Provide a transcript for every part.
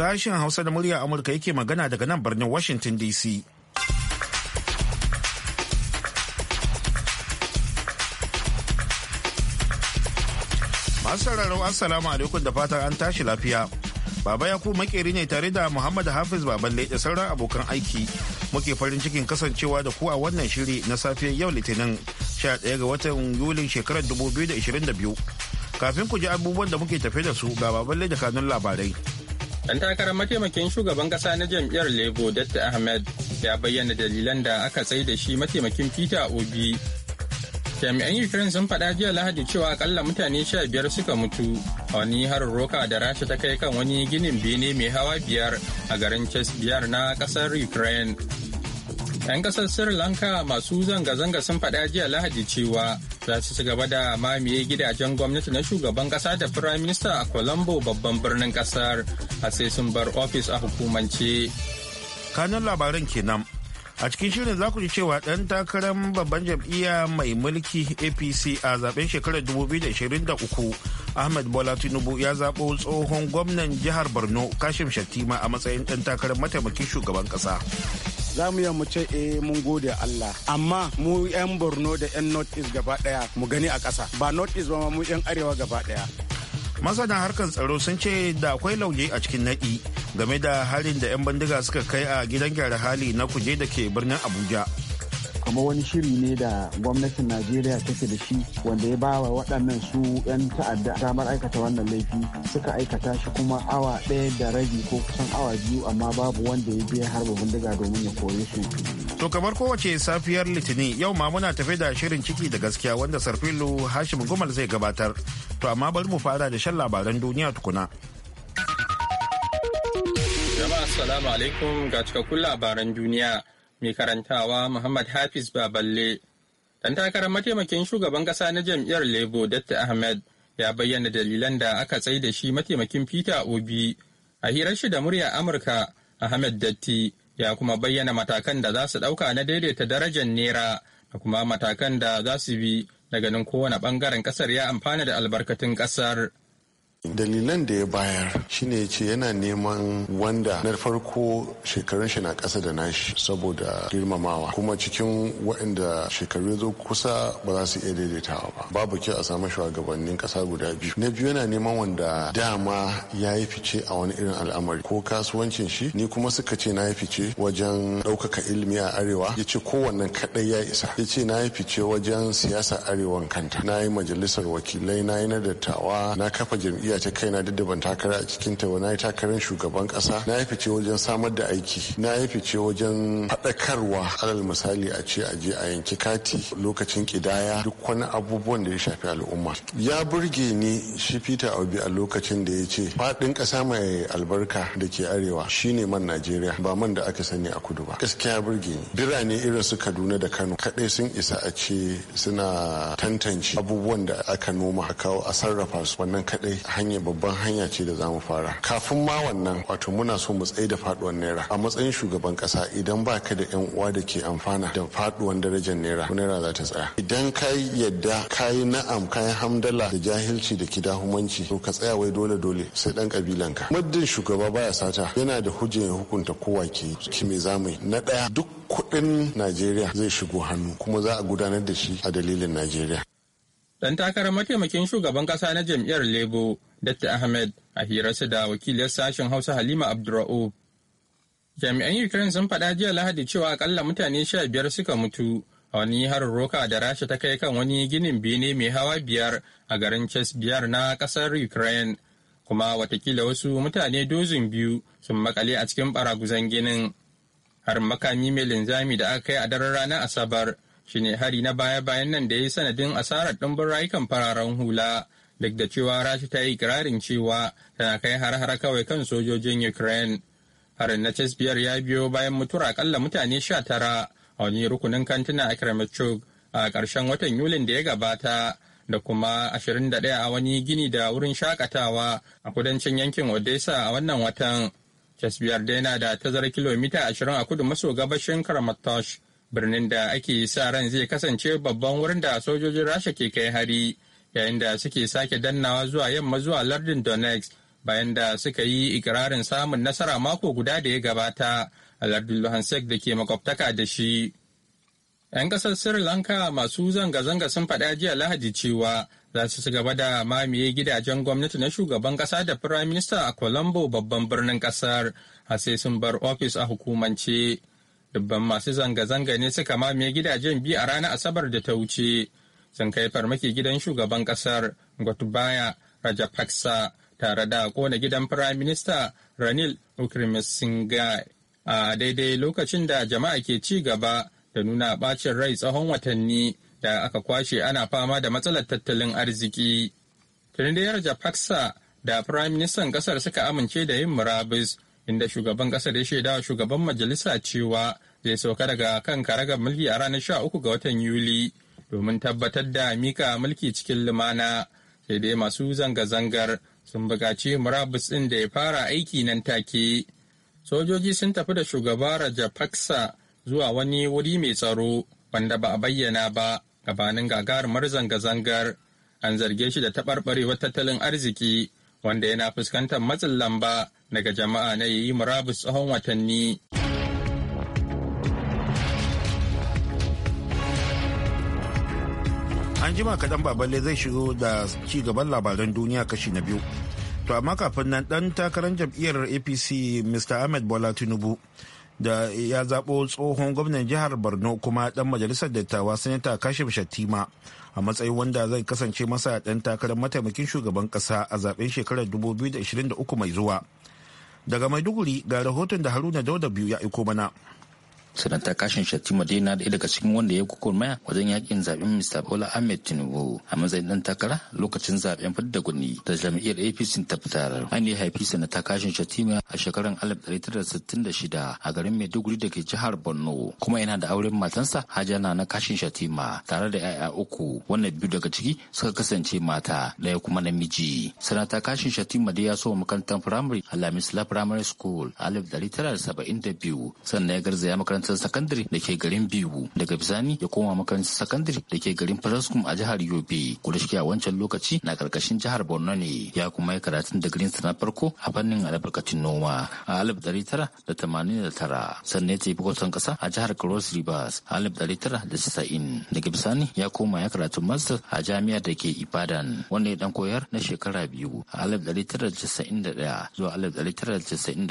Sashen Hausa da murya Amurka yake magana daga nan birnin Washington DC. Masu sauraro Assalamu alaikum da fatan an tashi lafiya. Baba yakub makeri ne tare da Muhammad Hafiz baban da sauran abokan aiki. Muke farin cikin kasancewa da ku a wannan shiri na safiyar yau Litinin 11 ga watan Yulin shekarar 2022. Kafin ku ji abubuwan da muke tafe da su ga baballai da kanun labarai. Dan takarar mataimakin shugaban kasa na jam'iyyar Labour Dr. Ahmed ya bayyana dalilan da aka tsai da shi mataimakin Peter Obi. Jami'an Ukraine sun faɗa jiya Lahadi cewa akalla mutane sha biyar suka mutu a wani harin roka da Rasha ta kai kan wani ginin bene mai hawa biyar a garin ches biyar na ƙasar Ukraine. 'Yan ƙasar Sri Lanka masu zanga-zanga sun faɗa jiya Lahadi cewa za su ci gaba da mamaye gidajen gwamnati na shugaban kasa da prime minister a colombo babban birnin kasar a sai sun bar ofis a hukumance kanun labaran kenan a cikin shirin za ku ji cewa ɗan takarar babban jam'iyya mai mulki apc a zaben shekarar 2023 ahmed bola tinubu ya zaɓo tsohon gwamnan jihar borno kashim shattima a matsayin ɗan takarar mataimakin shugaban ƙasa za mu yi mu ce eh, mun gode Allah amma mu yan Borno da yan North East gaba daya mu gani a ƙasa ba North East ba mu yan arewa gaba daya masana harkar tsaro sun ce da akwai lauje a cikin nadi game da halin da 'yan bandiga suka kai a gidan gyara hali na kuje da ke birnin abuja kamar wani shiri ne da gwamnatin najeriya take da shi wanda ya bawa waɗannan su 'yan ta'adda damar aikata wannan laifi suka aikata shi kuma awa ɗaya da rabi ko kusan awa biyu amma babu wanda ya biya harba bindiga domin ya kore su to kamar kowace safiyar litinin yau ma muna tafe da shirin ciki da gaskiya wanda sarfilu hashim gumal zai gabatar to amma bari mu fara da shan labaran duniya tukuna jama'a assalamu alaikum ga cikakkun labaran duniya mai karantawa Muhammad Hafiz Baballe. Dan takarar mataimakin shugaban ƙasa na jam'iyyar Labour Dr. Ahmed ya bayyana dalilan da aka tsai da shi mataimakin Peter Obi. A hirar shi da murya Amurka, Ahmed Datti ya kuma bayyana matakan da za su ɗauka na daidaita darajar nera da kuma matakan da za su bi daga ganin kowane ɓangaren ƙasar ya amfana da albarkatun ƙasar. dalilan da ya bayar shine ya ce yana neman wanda na farko shekarun shi na ƙasa da nashi saboda girmamawa kuma cikin waɗanda shekaru zo kusa ba za su iya daidaitawa ba babu kyau a samu shugabannin ƙasa guda biyu na biyu yana neman wanda dama ya yi fice a wani irin al'amari ko kasuwancin shi ni kuma suka ce na yi fice wajen ɗaukaka ilimi a arewa ya ce kowannen kaɗai ya isa ya ce na yi fice wajen siyasa arewan kanta na yi majalisar wakilai na yi na dattawa na kafa jami'a. jam'iyya ta kaina duk da ban takara a cikin ta na yi takarar shugaban kasa na yi fice wajen samar da aiki na yi fice wajen faɗakarwa alal misali a ce a je a yanki kati lokacin kidaya duk wani abubuwan da ya shafi al'umma ya burge ni shi peter obi a lokacin da ya ce faɗin kasa mai albarka da ke arewa shine man najeriya ba man da aka sani a kudu ba gaskiya burge ni birane irin su kaduna da kano kaɗai sun isa a ce suna tantance abubuwan da aka noma a kawo a sarrafa su wannan kaɗai hanya babban hanya ce da zamu fara kafin ma wannan wato muna so mu tsaye da faduwar naira a matsayin shugaban kasa idan ba ka da yan uwa da ke amfana da faduwar darajar naira naira za ta tsaya idan ka yadda ka na'am ka yi hamdala da jahilci da kidahumanci to ka tsaya wai dole dole sai dan ka muddin shugaba baya sata yana da hujjar hukunta kowa ke ki me zamu na daya duk kudin Najeriya zai shigo hannu kuma za a gudanar da shi a dalilin Najeriya. Dan takarar mataimakin shugaban kasa na jam'iyyar Labour, Dr. Ahmed, a hirarsa da wakiliyar sashen Hausa Halima Abdurra'u. Jami'an Ukraine sun faɗa jiya Lahadi cewa akalla mutane sha biyar suka mutu a wani harin roka da Rasha ta kai kan wani ginin bene mai hawa biyar a garin Ches biyar na ƙasar Ukraine. Kuma watakila wasu mutane dozin biyu sun makale a cikin baraguzan ginin. Har makami mai linzami da aka kai a daren ranar Asabar shine hari na baya-bayan nan da ya yi sanadin asarar ɗumbin rayukan fararen hula duk da cewa rashi ta yi ikirarin cewa tana kai har-har kawai kan sojojin ukraine harin na cesbiyar ya biyo bayan mutuwar akalla mutane sha tara a wani rukunin kantina a kremachug a ƙarshen watan yulin da ya gabata da kuma 21 a wani gini da wurin shakatawa a kudancin yankin odessa a wannan watan cesbiyar biyar da yana da tazarar kilomita 20 a kudu maso gabashin karamatosh birnin da ake sa ran zai kasance babban wurin da sojojin rasha ke kai hari yayin da suke sake dannawa zuwa yamma zuwa lardin donetsk bayan da suka yi ikirarin samun nasara mako guda da ya gabata a lardin luhansk da ke makwabtaka da shi 'yan kasar sri lanka masu zanga-zanga sun faɗa jiya lahadi cewa za su gaba da mamaye gidajen gwamnati na shugaban ƙasa da firayim minista a colombo babban birnin ƙasar a sai sun bar ofis a hukumance dubban masu zanga-zanga ne suka mamaye gidajen biyu a ranar asabar da ta wuce sun kai farmaki gidan shugaban kasar gotubaya rajapaksa tare da kona gidan prime minister ranil ukrimisinga a daidai lokacin da jama'a ke ci gaba da nuna bacin rai tsawon watanni da aka kwashe ana fama da matsalar tattalin arziki. Trinidad Rajapaksa da prime minister ƙasar suka amince da yin murabus inda shugaban kasar ya shaidawa shugaban majalisa cewa zai sauka daga kan karagar mulki a ranar sha uku ga watan Yuli domin tabbatar da mika mulki cikin lumana sai dai masu zanga-zangar sun buƙaci murabus ɗin da ya fara aiki nan take. Sojoji sun tafi da shugaba raja Rajapaksa zuwa wani wuri mai tsaro wanda ba a bayyana ba gabanin gagarumar zanga-zangar. An zarge shi da taɓarɓarewar tattalin arziki wanda yana fuskantar matsin lamba daga jama'a na yayi murabus tsawon watanni. An jima kaɗan baballe zai shigo da ci gaban labaran duniya kashi na biyu. To amma kafin nan ɗan takarar jam'iyyar APC Mr. Ahmed Bola Tinubu da ya zaɓo tsohon gwamnan jihar borno kuma ɗan majalisar dattawa sanata kashim shattima a matsayin wanda zai kasance masa ɗan takarar mataimakin shugaban ƙasa a zaɓen shekarar 2023 mai zuwa Daga Maiduguri ga rahoton da Haruna Dauda biyu ya iko mana. sanata kashin shatima dai na daya daga cikin wanda ya maya wajen yakin zaben mr bola ahmed tinubu a matsayin dan takara lokacin zaben fadda guni da jam'iyyar apc ta fitar an yi haifi sanata kashin ma a shekarun 1966 a garin maiduguri da ke jihar borno kuma yana da auren matansa hajja na na kashin shatima tare da 'ya'ya uku wannan biyu daga ciki suka kasance mata daya kuma namiji sanata kashin shatima dai ya so makarantar firamare a lamisla primary school 1972 sannan ya garzaya makarantar makarantar sakandare da ke garin biyu daga bisani ya koma makarantar sakandare da ke garin Fataskum a jihar Yobe ko shi a wancan lokaci na karkashin jihar Borno ne ya kuma yi karatun digirin sa na farko a fannin albarkacin noma a alif tara da da tamanin tara, sannan ya tafi kwatan kasa a jihar Cross Rivers a alif tara da 1990 daga bisani ya koma ya karatun master a jami'ar da ke Ibadan wanda ya dan koyar na shekara biyu a alif tara da da daya zuwa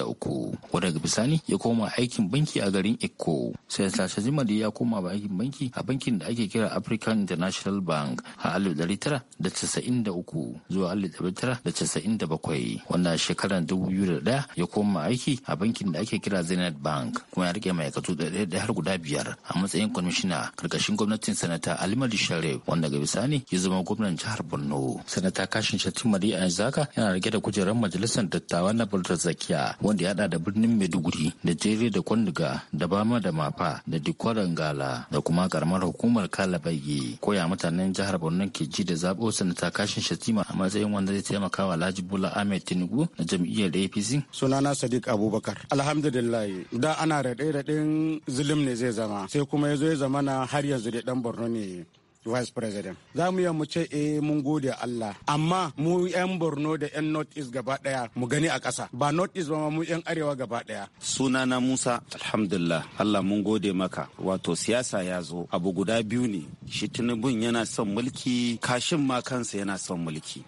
uku. wanda daga bisani ya koma aikin banki a garin Ik Morocco. Sai da ya koma aikin banki a bankin da ake kira African International Bank a 1993 zuwa 1997. Wannan shekarar 2001 ya koma aiki a bankin da ake kira Zenith Bank kuma ya rike ma'aikatu da har guda biyar a matsayin kwamishina karkashin gwamnatin sanata Alimadi Sharif wanda ga bisani ya zama gwamnan jihar Borno. Sanata Kashin Shatimari a yanzu haka yana rike da kujerar majalisar dattawa na Baldar Zakiya wanda ya haɗa da birnin Maiduguri da Jere da kwanduga da Bama dama da mafa da dikwaran gala da kuma karamar hukumar kalabagi koya mutanen jihar borno ke ji da zaɓo sanata kashin shatima a matsayin wanda zai taimaka wa alhaji bola ahmed tinubu na jam'iyyar apc sunana sadiq abubakar alhamdulillah da ana raɗe raɗen zulum ne zai zama sai kuma ya zo ya zama na har yanzu da dan borno ne vice president za mu yi mu ce eh mun gode Allah amma mu yan Borno da yan North East gaba daya mu gani a ƙasa ba North East ba mu yan arewa gaba daya sunana Musa alhamdulillah Allah mun gode maka wato siyasa ya zo abu guda biyu ne shi Tinubun yana son mulki kashin ma kansa yana son mulki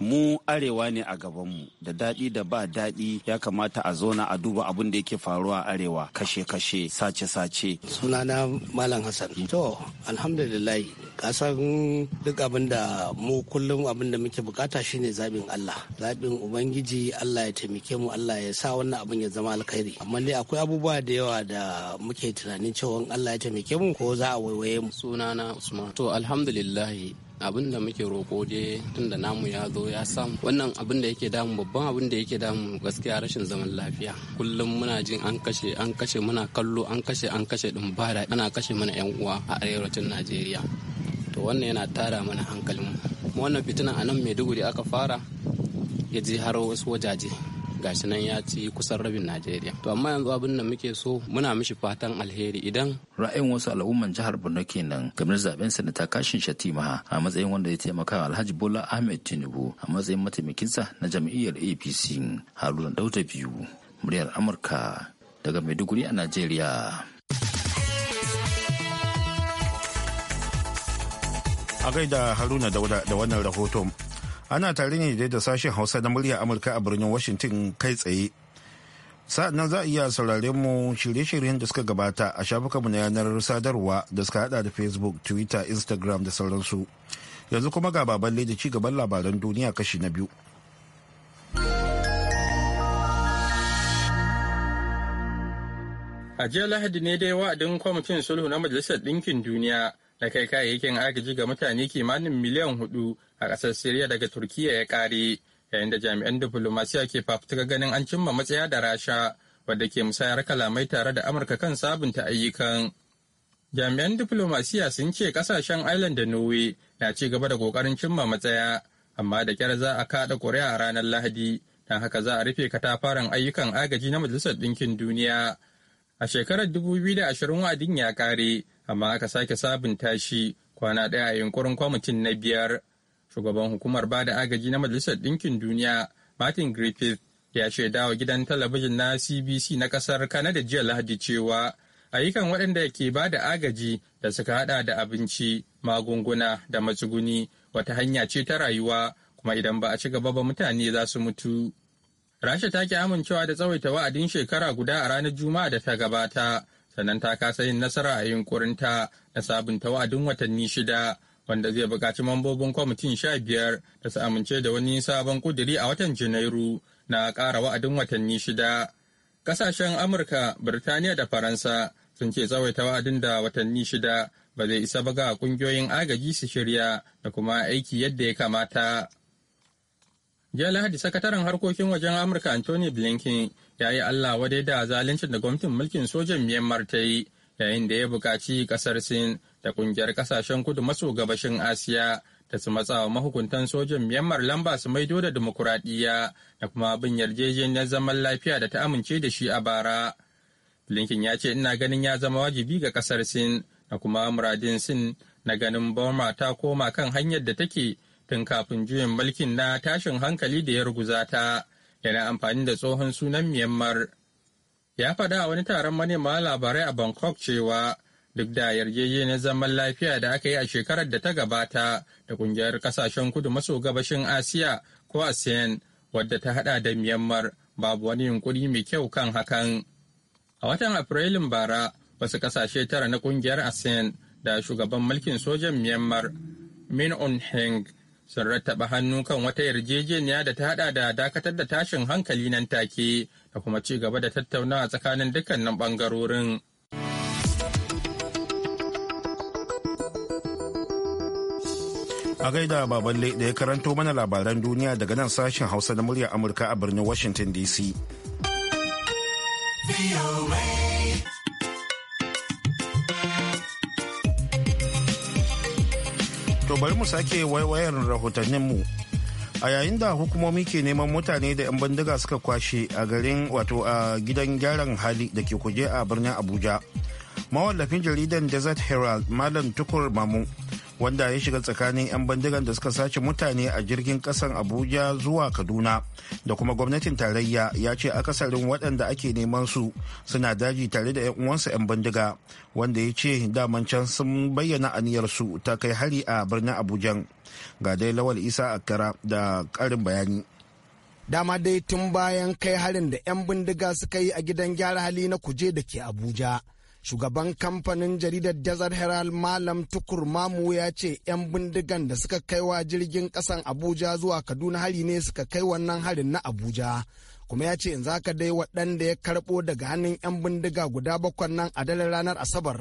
mu arewa ne a gaban mu da daɗi da ba daɗi ya kamata a zona a duba abin da yake faruwa arewa kashe-kashe sace-sace sunana malam hassan to alhamdulillah kasan duk abin da mu kullum abin da muke bukata shine zaɓin allah zaɓin ubangiji allah ya taimake mu allah ya sa wannan abin ya zama alkhairi amma dai akwai abubuwa da yawa da muke tunanin cewa allah ya taimake mu ko za a waiwaye mu sunana usman to alhamdulillah abin da muke roƙo dai tun da namu ya zo ya samu wannan abin da yake damu babban abin da yake damu gaskiya rashin zaman lafiya kullum muna jin an kashe an kashe muna kallo an kashe an kashe din bara ana kashe mana yan uwa a arewacin najeriya to wannan yana tara mana hankalin mu wannan fitina a nan maiduguri aka fara ya je har wasu wajaje gashi nan ya ci kusan rabin najeriya to amma yanzu abin da muke so muna mishi fatan alheri idan ra'ayin wasu al'umman jihar borno kenan game da zaben sanata kashin shatima a matsayin wanda ya taimaka alhaji bola ahmed tinubu a matsayin mataimakin sa na jam'iyyar apc haruna dauda biyu muryar amurka daga maiduguri a najeriya a gaida haruna da wannan rahoton ana tare ne dai da sashen hausa na murya amurka a birnin washington kai tsaye sa'annan za a iya saurare mu shirye-shiryen da suka gabata a shafukanmu na yanar sadarwa da suka hada da facebook twitter instagram da sauransu yanzu kuma ga baban da ci gaban labaran duniya kashi na biyu a jiya lahadi ne dai wa'adin kwamitin sulhu na majalisar ɗinkin duniya na kai kayayyakin agaji ga mutane kimanin miliyan hudu a ƙasar Siriya daga turkiya ya kare yayin da jami'an diflomasiya ke fafutuka ganin an cimma matsaya da Rasha wadda ke musayar kalamai tare da Amurka kan sabunta ayyukan. Jami'an diplomasiya sun ce ƙasashen island da Norway na ci gaba da ƙoƙarin cimma matsaya amma da kyar za a kaɗa ƙuri'a a ranar Lahadi don haka za a rufe katafaren ayyukan agaji na Majalisar Ɗinkin Duniya. A shekarar 2020 wa'adin ya kare amma aka sake sabunta shi kwana ɗaya a yunkurin kwamitin na biyar. Shugaban hukumar ba da agaji na Majalisar Ɗinkin Duniya, Martin Griffith, ya shaida wa gidan talabijin na CBC na ƙasar kanada jiya Lahadi cewa ayyukan waɗanda ke ba da agaji da suka hada da abinci, magunguna da matsuguni wata hanya ce ta rayuwa kuma idan ba a ci gaba ba mutane za su mutu. Rasha ta ki amincewa da tsawaita wa'adin shekara guda a ranar Juma'a da ta gabata, sannan ta kasa yin nasara a yunkurinta na sabunta wa'adin watanni shida wanda zai buƙaci mambobin kwamitin sha biyar da su amince da wani sabon kuduri a watan janairu na ƙara wa'adin watanni shida ƙasashen amurka birtaniya da faransa sun ce tsawaita wa'adin da watanni shida ba zai isa ba ga ƙungiyoyin agaji su shirya da kuma aiki yadda ya kamata jiya lahadi sakataren harkokin wajen amurka anthony blinken ya yi allah wadai da zaluncin da gwamnatin mulkin sojan myanmar ta yi yayin da ya buƙaci ƙasar sin da ƙungiyar ƙasashen kudu maso gabashin asiya ta su matsawa mahukuntan sojin myanmar lamba su maido da dimokuraɗiyya da kuma bin yarjejeniyar zaman lafiya da ta amince da shi a bara blinken ya ce ina ganin ya zama wajibi ga ƙasar sin da kuma muradin sin na ganin burma ta koma kan hanyar da take tun kafin juyin mulkin na tashin hankali da ya ruguza ta yana amfani da tsohon sunan myanmar ya faɗa a wani taron manema labarai a Bangkok cewa duk da yarjejeniyar zaman lafiya da aka yi a shekarar da ta gabata da kungiyar kasashen kudu maso gabashin asiya ko asean wadda ta hada da myanmar babu wani yunkuri mai kyau kan hakan a watan afrilun bara wasu kasashe tara na kungiyar asean da shugaban mulkin sojan myanmar min on heng sun rattaba hannu kan wata yarjejeniya da ta hada da dakatar da tashin hankali nan take da kuma ci gaba da tattaunawa tsakanin dukkanin bangarorin. A gaida baballe da ya karanto mana labaran duniya daga nan sashen Hausa na muryar Amurka a birnin Washington DC. To bari mu sake waiwayar rahotanninmu. mu. a yayin da hukumomi ke neman mutane da 'yan bindiga suka kwashe a garin wato a gidan gyaran hali da ke kuje a birnin abuja mawallafin jaridan desert herald malam tukur mamu wanda ya shiga tsakanin 'yan bindigan da suka sace mutane a jirgin kasan abuja zuwa kaduna da kuma gwamnatin tarayya ya ce akasarin waɗanda ake neman su suna daji tare da 'yan uwansu 'yan bandiga wanda ya ce daman can sun bayyana su ta kai hari a birnin abuja ga dai lawal isa akara da karin bayani dama dai tun bayan kai harin da 'yan bindiga suka yi a gidan gyara hali na kuje da ke abuja shugaban kamfanin jaridar desert herald malam tukur mamu ya ce 'yan bindigan da suka kaiwa jirgin kasan abuja zuwa kaduna hari ne suka kai wannan harin na abuja kuma ya ce zaka dai waɗanda ya karɓo daga hannun 'yan bindiga guda bakwan nan a dalar ranar asabar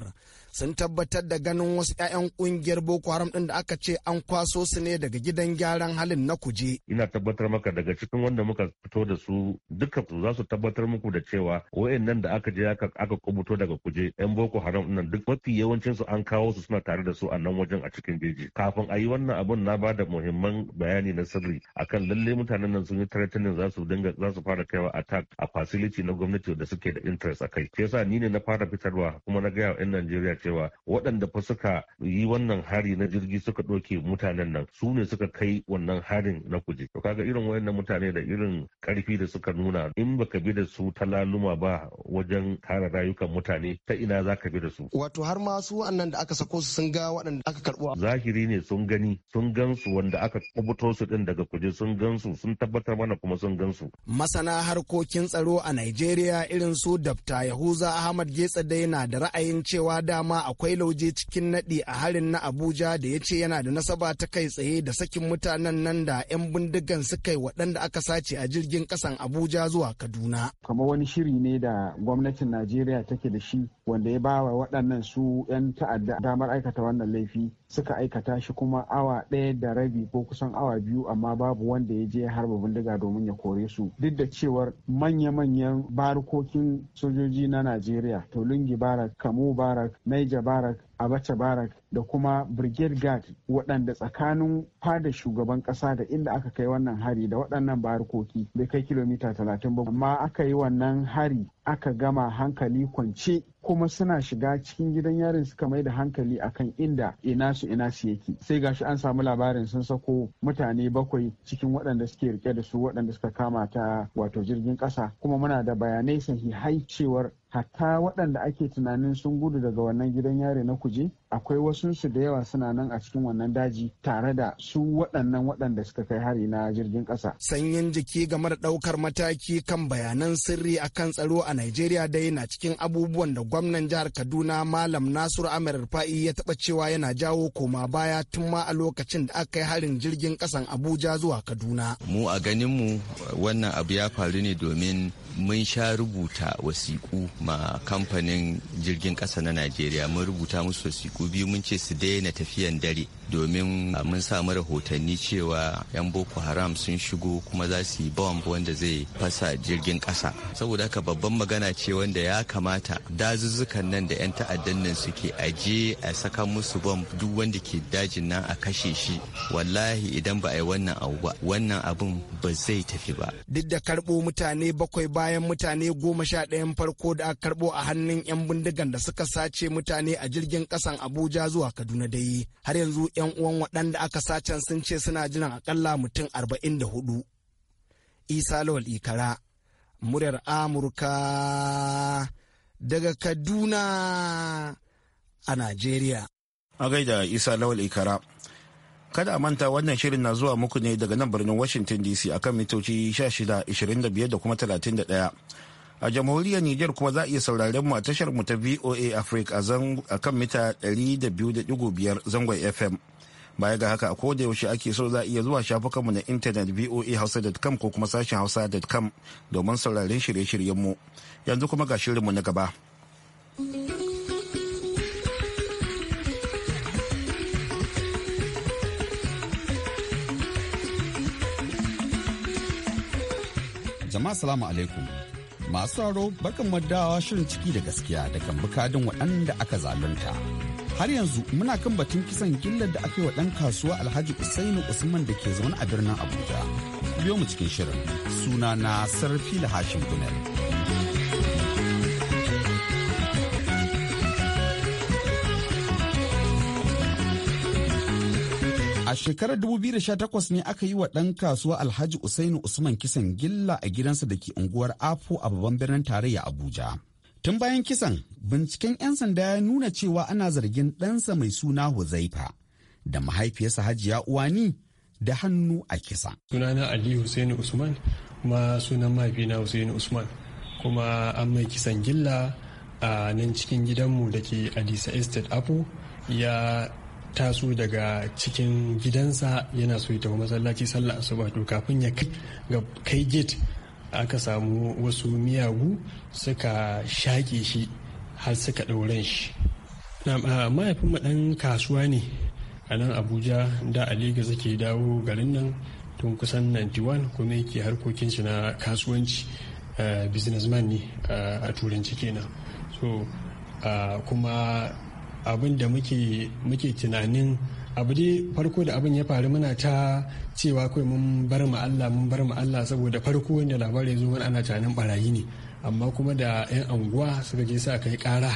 sun tabbatar da ganin wasu 'ya'yan kungiyar boko haram din da aka ce an kwaso su ne daga gidan gyaran halin na kuje ina tabbatar maka daga cikin wanda muka fito da su dukkan su za su tabbatar muku da cewa wayannan da aka je aka kubuto daga kuje 'yan boko haram din duk mafi yawancin su an kawo su suna tare da su a nan wajen a cikin jeji kafin a yi wannan abun na bada muhimman bayani na sirri akan lalle mutanen nan sun yi tarihin za su dinga za su fara kaiwa attack a facility na gwamnati da suke da interest a kai shi yasa ni ne na fara fitarwa kuma na gaya wa 'yan Najeriya cewa waɗanda fa suka yi wannan hari na jirgi suka ɗauke mutanen nan su ne suka kai wannan harin na kuje to kaga irin wayannan mutane da irin ƙarfi da suka nuna in baka bi da su ta laluma ba wajen kare rayukan mutane ta ina za ka bi da su wato har ma su wannan da aka sako su sun ga waɗanda aka karɓo zahiri ne sun gani sun gansu wanda aka kubuto su din daga kuje sun gansu sun tabbatar mana kuma sun gansu masana harkokin tsaro a Najeriya irin su Dafta Yahuza Ahmad Getsa dai na da ra'ayin cewa dama dama akwai lauje cikin naɗi a harin na abuja da ya ce yana da nasaba ta kai tsaye da sakin mutanen nan da 'yan bindigan suka yi waɗanda aka sace a jirgin ƙasan abuja zuwa kaduna kamar wani shiri ne da gwamnatin najeriya take da shi wanda ya bawa waɗannan su 'yan ta'adda damar aikata wannan laifi suka aikata shi kuma awa ɗaya da rabi ko kusan awa biyu amma babu wanda ya je harba bindiga domin ya kore su duk da cewar manya-manyan barkokin sojoji na najeriya to lungi barak kamu barak naija barak abacha barak da kuma brigade guard waɗanda tsakanin fada shugaban ƙasa da inda aka kai wannan hari da waɗannan barkoki bai kai kilomita talatin ba amma aka yi wannan hari aka gama hankali kwance kuma suna shiga cikin gidan yarin suka mai da hankali akan inda ina su ina su yake sai gashi an samu labarin sun sako mutane bakwai cikin waɗanda suke rike da su waɗanda suka kama ta wato jirgin ƙasa kuma muna da bayanai sahihai cewar hatta waɗanda ake tunanin sun gudu daga wannan gidan yari na kuje akwai wasunsu da yawa suna nan a cikin wannan daji tare da su waɗannan waɗanda suka kai hari na jirgin ƙasa. Sanyin jiki game da ɗaukar mataki kan bayanan sirri a kan tsaro a Najeriya dai na cikin abubuwan da gwamnan jihar Kaduna Malam Nasiru Amir Rufa'i ya taɓa cewa yana jawo koma baya tun ma a lokacin da aka yi harin jirgin ƙasan Abuja zuwa Kaduna. Mu a ganinmu wannan abu ya faru ne domin mun sha rubuta wasiƙu ma kamfanin jirgin ƙasa na Najeriya mun rubuta musu wasiƙu ku biyu mun ce su daina tafiyan dare domin ah, mun samu rahotanni cewa 'yan boko haram sun shigo kuma za su yi bomb wanda zai fasa jirgin kasa saboda haka babban magana ce wanda ya kamata dazuzzukan nan da 'yan ta'addan nan suke aje a saka musu bomb duk wanda ke dajin nan a kashe shi wallahi idan ba a yi wannan abu ba wannan abun ba zai tafi ba duk da karbo mutane bakwai bayan mutane goma sha ɗayan farko da aka karɓo a hannun 'yan bindigan da suka sace mutane a jirgin kasan abuja zuwa kaduna dai har yanzu 'yan uwan waɗanda aka sacen sun ce suna jiran akalla mutum arba'in da hudu. Isa Lawal Ikara, muryar Amurka daga Kaduna a nigeria. A gaida Isa Lawal Ikara. Kada a manta wannan shirin na zuwa muku ne daga nan birnin Washington DC akan mitoci 16, 25 da kuma 31. a jamhuriyar niger kuma za a iya sauraren mu a tashar mu ta voa africa a kan mita 200.5 zangon fm baya ga haka a koda yaushe ake so za a iya zuwa mu na intanet voahausa.com ko kuma sashen hausa.com domin sauraren shirye shiryen mu yanzu kuma ga shirinmu na gaba jama'a salamu alaikum Masu raro barkan dawa shirin ciki da gaskiya da kan bukadin waɗanda aka zalunta. Har yanzu muna kan batun kisan gillar da aka yi wa ɗan kasuwa Alhaji Usainu Usman da ke zaune a birnin Abuja. Biyo mu cikin shirin suna na da hashin gunar. A shekarar 2018 ne aka yi wa ɗan kasuwa Alhaji Usainu Usman kisan gilla a gidansa da ke unguwar apo a babban birnin tarayya Abuja. Tun bayan kisan, binciken 'yan sanda ya nuna cewa ana zargin ɗansa mai suna Huzaifa da mahaifiyarsa Hajiya Uwani da hannu a kisa. Sunana Ali Hussein Usman, kuma sunan mahaifina Hussein Usman, kuma an mai kisan gilla a nan cikin gidanmu da ke Adisa Estate Apo ya taso daga cikin gidansa yana so ya tafi masallaci sallah asuba to kafin ya kai gate aka samu wasu miyagu suka shaƙe shi har suka ɗauran shi mahaifin ɗan kasuwa ne a nan abuja da aliga zake dawo garin nan tun kusan 91 kuma yake harkokin shi na kasuwanci eh, businessman ne eh, a turanci kenan so ah, kuma abin da muke tunanin abu dai farko da abin ya faru muna ta cewa kai mun bar mu Allah mun bar mu Allah saboda farko wanda labarin ya zo mana ana tunanin barayi ne amma kuma da 'yan anguwa suka je sa kai kara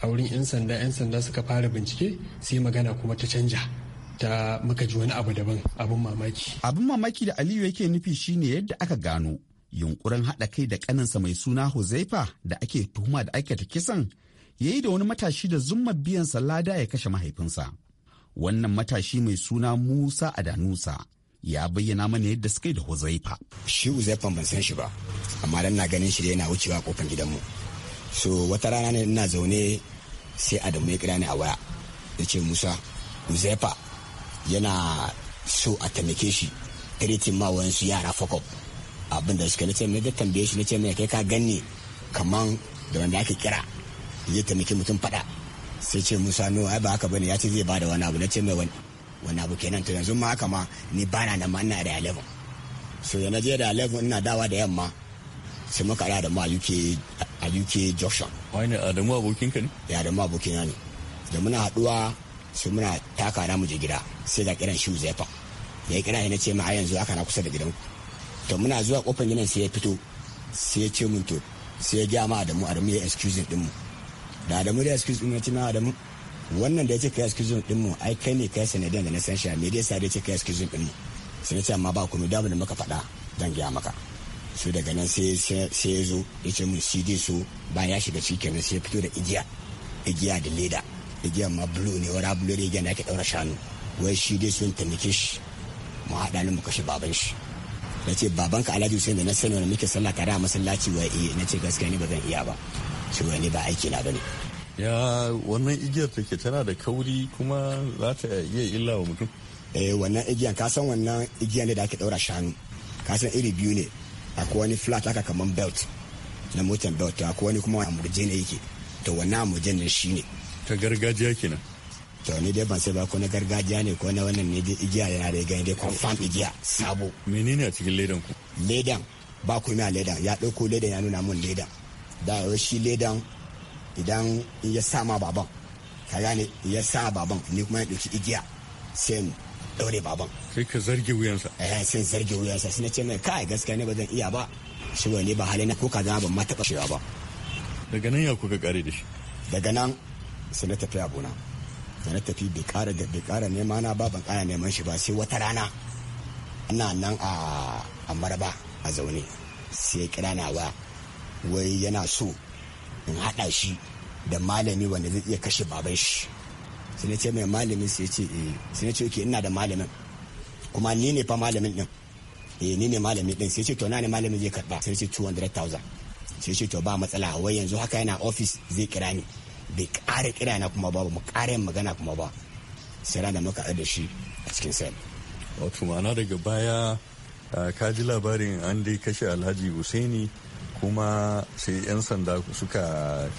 a wurin 'yan sanda 'yan sanda suka fara bincike sai magana kuma ta canja ta muka ji wani abu daban abin mamaki abin mamaki da aliyu yake nufi shine yadda aka gano yunkurin haɗa kai da ƙaninsa mai suna huzaifa da ake tuhuma da aikata kisan ya yi da wani matashi da zumma biyan lada ya kashe mahaifinsa wannan matashi mai suna musa adanusa ya bayyana mana yadda suka yi da huzaifa shi huzaifan ban san shi ba amma dan na ganin shi da yana wucewa kofar gidanmu so wata rana ne ina zaune sai adamu ya kira ni a waya ya ce musa huzaifa yana so a taimake shi kiritin ma wayansu yara fakop abinda suka nace mai da tambaye shi nace mai kai ka ganni kaman da wanda ake kira zai taimaki mutum faɗa sai ce musa no ai ba haka bane ya ce zai ba da wani abu na ce mai wani wani abu kenan to yanzu ma haka ma ni na nan ma ina da 11 so yana je da 11 ina dawa da yamma sai muka haɗa da mu a UK a UK junction wani Adamu abokin ka ne ya Adamu abokina ne da muna haɗuwa sai muna taka na muje gida sai da kiran shi zefa ya kira ya ce ma yanzu haka na kusa da gidan to muna zuwa kofar gidan sai ya fito sai ya ce mun to sai ya gya ma Adamu Adamu ya excuse din mu da adamu da excuse din ci na adamu wannan da ya ce kai excuse din mu ai kai ne kai sanadiyan da na san shi me yasa sa da ce kai excuse din mu sai ce amma ba kuma da da muka faɗa zan gaya maka su daga nan sai sai ya zo ya ce mun cd su bayan ya shiga cikin sai ya fito da igiya igiya da leda igiyan ma bulu ne wara bulu da da ake daura shanu wai shi dai sun taimake shi mu haɗa ni mu kashe baban shi na ce babanka alhaji hussein da na sani wani muke sallah tare a masallaci wa iya eh. na ce gaskiya ne ba zan iya ba cewa ne ba aiki na bane ya wannan igiyar take tana da kauri kuma za ta iya illa wa mutum eh wannan igiyar ka san wannan igiyar ne da ake daura shanu ka san iri biyu ne akwai wani flat haka kaman belt na motan belt akwai wani kuma amurje ne yake to wannan amurjen ne shine ta gargajiya kenan to ni dai ban sai ba ko na gargajiya ne ko na wannan ne dai igiya yana da gani dai confirm igiya sabo menene a cikin ledan ku ledan ba ku a ledan ya dauko ledan ya nuna mun ledan da shi ledan idan ya sama baban ka gane ya sa baban ni kuma ya ɗauki igiya sai mu ɗaure baban sai ka zarge wuyansa eh sai zarge wuyansa sai na ce mai kai gaskiya ne ba zan iya ba shi ne ba halina ko ka zama ban ma taɓa cewa ba daga nan ya kuka kare da shi daga nan sai na tafi abuna da na tafi bai kara da bai kara nema na ba ban kara neman shi ba sai wata rana ina nan a maraba a zaune sai kira na waya wai yana so in haɗa shi da malami wanda zai iya kashe baban shi sai na ce mai malamin sai ce eh sai na ce ke ina da malamin kuma ni ne fa malamin din eh ni ne malamin din sai ce to na ne malamin zai karba sai ce 200,000 sai ce to ba matsala wai yanzu haka yana office zai kira ni bai ƙara kira na kuma ba mu ƙara yin magana kuma ba sai rana muka da shi a cikin sel wato ma'ana daga baya ah, ka ji labarin an dai kashe alhaji husaini kuma sai 'yan sanda suka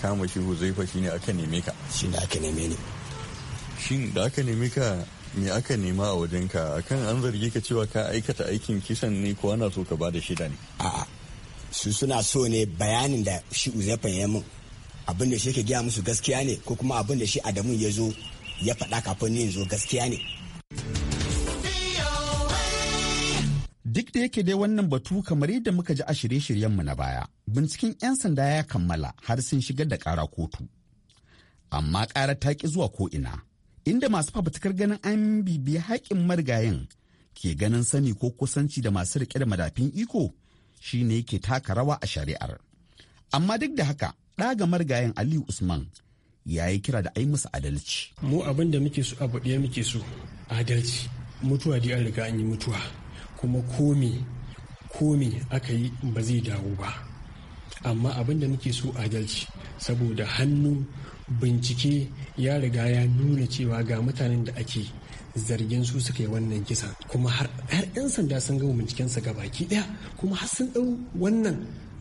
kama shi huzaifa ne aka neme ka da aka neme ne. shin da aka neme ka me aka nema a wajen ka akan an zargi ka cewa ka aikata aikin kisan ne ko ana so ka ba da shida ne a'a su suna so ne bayanin da shi uzaifa ya min abin da shi ke gaya musu gaskiya ne ko kuma abin da shi adamu ya zo ya faɗa kafin ni zo gaskiya ne Duk da yake dai wannan batu kamar yadda muka ji a shirye-shiryenmu na baya, binciken 'yan sanda ya kammala har sun shigar da kara kotu. Amma kara ta ki zuwa ko'ina, inda masu fafutukar ganin an bibiya haƙƙin marigayin ke ganin sani ko kusanci da masu riƙe da madafin iko shine yake taka rawa a shari'ar. Amma duk da haka, ɗaga marigayin Aliyu Usman ya yi kira da ai musu adalci. Mu abin da muke so abu ɗaya muke so adalci. Mutuwa dai an riga an yi mutuwa. kuma komi komi aka yi ba zai dawo ba amma abin da muke so adalci saboda hannu bincike ya riga ya nuna cewa ga mutanen da ake zargin su suka yi wannan kisa kuma har 'yan sanda sun gama bincikensa ga baki daya kuma har sun dau wannan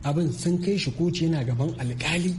abin sun kai shi koci yana gaban alkali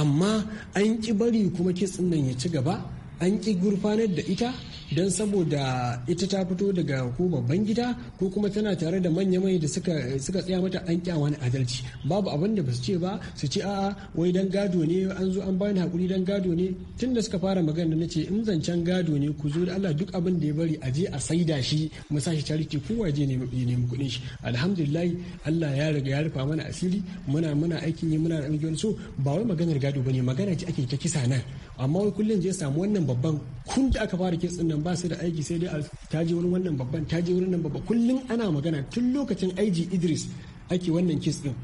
amma an ki bari kuma kitsin nan ya ci gaba an ƙi gurfanar da ita don saboda ita ta fito daga ko babban gida ko kuma tana tare da manya mai da suka tsaya mata an ƙi wani adalci babu abin da basu ce ba su ce a'a wai dan gado ne an zo an bani hakuri dan gado ne tun da suka fara magana na ce in zancen gado ne ku zo da Allah duk abin da ya bari a je a saida shi mu sa shi ko waje ne mu ne mu kudin shi alhamdulillah Allah ya riga ya rufa mana asiri muna muna aikin yi muna da so ba wai maganar gado bane magana ce ake ta kisa nan amma wai kullum je samu wannan babban kun da aka fara kitsin nan ba su da aiki sai dai ta je wurin wannan babban ta je wurin nan babban kullum ana magana tun lokacin aiji idris ake wannan kes din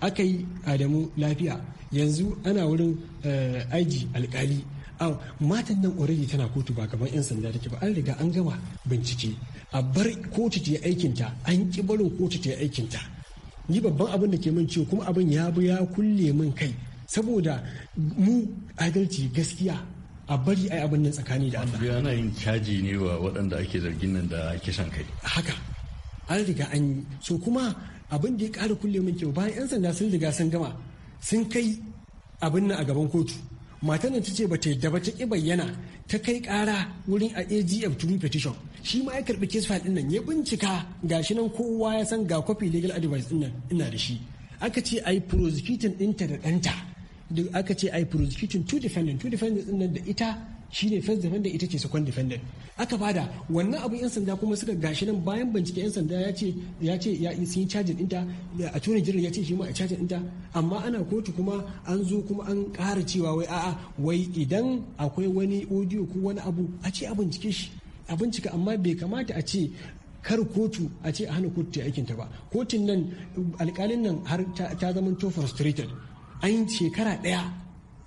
aka yi adamu lafiya yanzu ana wurin aiji eh, alkali matan nan already tana kotu ba kamar 'yan sanda take ba an riga an gama bincike a bar kotu ta aikin aikinta an ki barin kotu ta aikin ta ni babban abin da ke min ciwo kuma abin ya bi ya kulle min kai saboda mu adalci gaskiya a bari a yi abin nan tsakani da Allah. ya na yin caji ne wa waɗanda ake zargin nan da ake san kai. Haka an riga an yi so kuma abin da ya ƙara kulle min kyau bayan 'yan sanda sun riga sun gama sun kai abin nan a gaban kotu matan nan ta ce bata yadda ba ta ki bayyana ta kai ƙara wurin a AGF to petition shi ma ya karɓi case file din ya bincika Ga shi nan kowa ya san ga copy legal advice din ina da shi aka ce a yi prosecuting ɗinta da ɗanta da aka ce ai prosecuting two defendant two defendant din nan da ita shine first defendant ita ce second defendant aka bada wannan abu yan sanda kuma suka gashi nan bayan bincike yan sanda ya ce ya ce ya sun charge ta a tuni jiran ya ce shi ma a charge ta amma ana kotu kuma an zo kuma an ƙara cewa wai a'a wai idan akwai wani audio ko wani abu a ce a bincike shi a bincika amma bai kamata a ce kar kotu a ce a hana kotu ta aikinta ba kotun nan alkalin nan har ta zama to frustrated an shekara ɗaya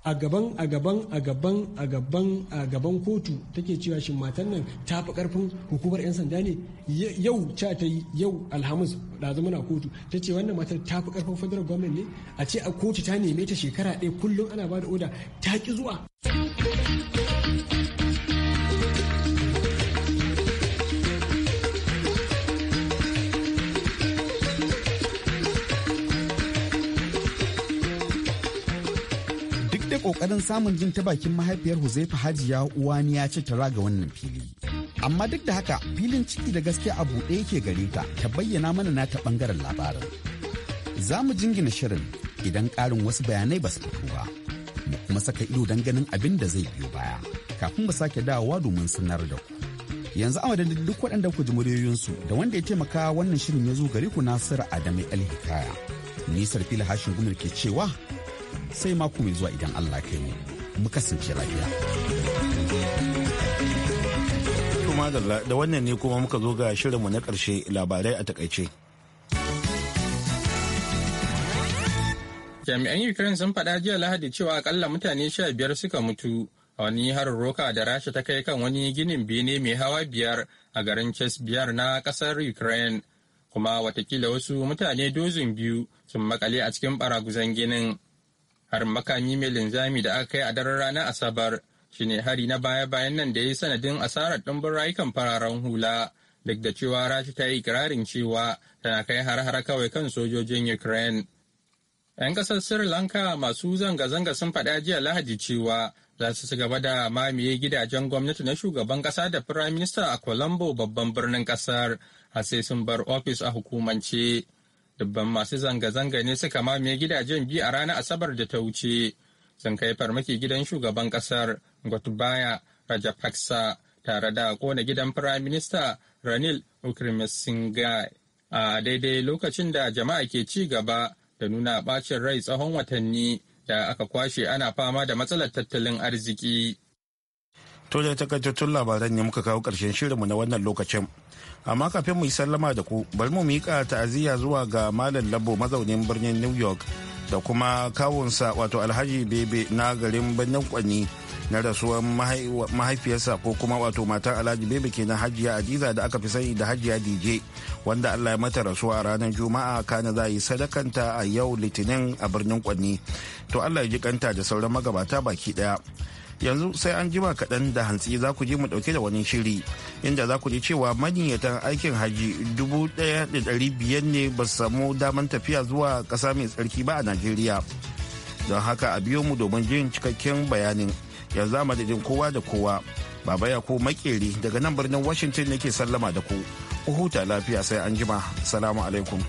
a gaban a gaban a gaban a gaban a gaban kotu take cewa shin matan nan ta fi karfin hukumar 'yan sanda ne yau ca ta yi yau alhamis da na kotu ta ce wannan matar ta fi karfin federal government ne a ce a kotu ta neme ta shekara ɗaya kullum ana ba da oda ta ki zuwa kokarin samun jin ta bakin mahaifiyar Huzaifa Hajiya Uwani ya ce tara ga wannan fili. Amma duk da haka filin ciki da gaske a buɗe yake gare ka. ta bayyana mana na ta bangaren labarin. Za mu jingina shirin idan ƙarin wasu bayanai ba su fito ba. Mu kuma saka ido don ganin abin da zai biyo baya kafin mu sake dawowa domin sanar da ku. Yanzu a madadin duk waɗanda ku ji muryoyinsu da wanda ya taimaka wannan shirin ya zo gare ku Nasiru Adamu El Hikaya. Nisar fili hashin gumar ke cewa sai mako mai zuwa idan Allah kai mu mu kasance lafiya kuma da wannan ne kuma muka zo ga shirinmu na karshe labarai a takaice jami'an ukraine sun faɗa jiya lahadi cewa akalla mutane sha biyar suka mutu a wani harin roka da rasha ta kai kan wani ginin bene mai hawa biyar a garin ches biyar na ƙasar ukraine kuma watakila wasu mutane dozin biyu sun makale a cikin baraguzan ginin Harin makami mai linzami da aka yi a daren ranar Asabar shi ne hari na baya-bayan nan da ya yi sanadin asarar ɗumbin rayukan fararen hula duk da cewa rashi ta yi ikirarin cewa tana kai har-har kawai kan sojojin Ukraine. 'Yan ƙasar Sri Lanka masu zanga-zanga sun faɗi jiya Lahadi cewa za su ci gaba da mamaye gidajen gwamnati na shugaban ƙasa da Firayim Minista a Colombo babban birnin ƙasar, a sai sun bar ofis a hukumance. dubban masu zanga-zanga ne suka mamaye gidajen biyu a ranar asabar da ta wuce sun kai farmaki gidan shugaban kasar gotubaya rajapaksa tare da kona gidan firaminista ranil ukremesinghe a daidai lokacin da jama'a ke ci gaba da nuna bacin rai tsawon watanni da aka kwashe ana fama da matsalar tattalin arziki. To da takaitattun labaran ne muka kawo ƙarshen mu na wannan lokacin. Amma kafin mu yi sallama da ku, bari mu miƙa ta'aziyya zuwa ga Malam Labo mazaunin birnin New York da kuma kawunsa wato Alhaji Bebe na garin birnin Kwani na rasuwar mahaifiyarsa ko kuma wato matar Alhaji Bebe ke na Hajiya Adiza da aka fi sani da Hajiya DJ wanda Allah ya mata rasuwa a ranar Juma'a kana za yi sadakanta a yau Litinin a birnin Kwani. To Allah ya ji kanta da sauran magabata baki daya. yanzu sai an jima kaɗan da hantsi za ku je mu ɗauke da wani shiri inda za ku ji cewa maniyyatan aikin haji dubu ɗaya da ɗari biyar ne ba su samu daman tafiya zuwa ƙasa mai tsarki ba a najeriya don haka a biyo mu domin jin cikakken bayanin yanzu a jin kowa da kowa baba ya ko makeri daga nan birnin washington nake sallama da ku ku huta lafiya sai an jima salamu alaikum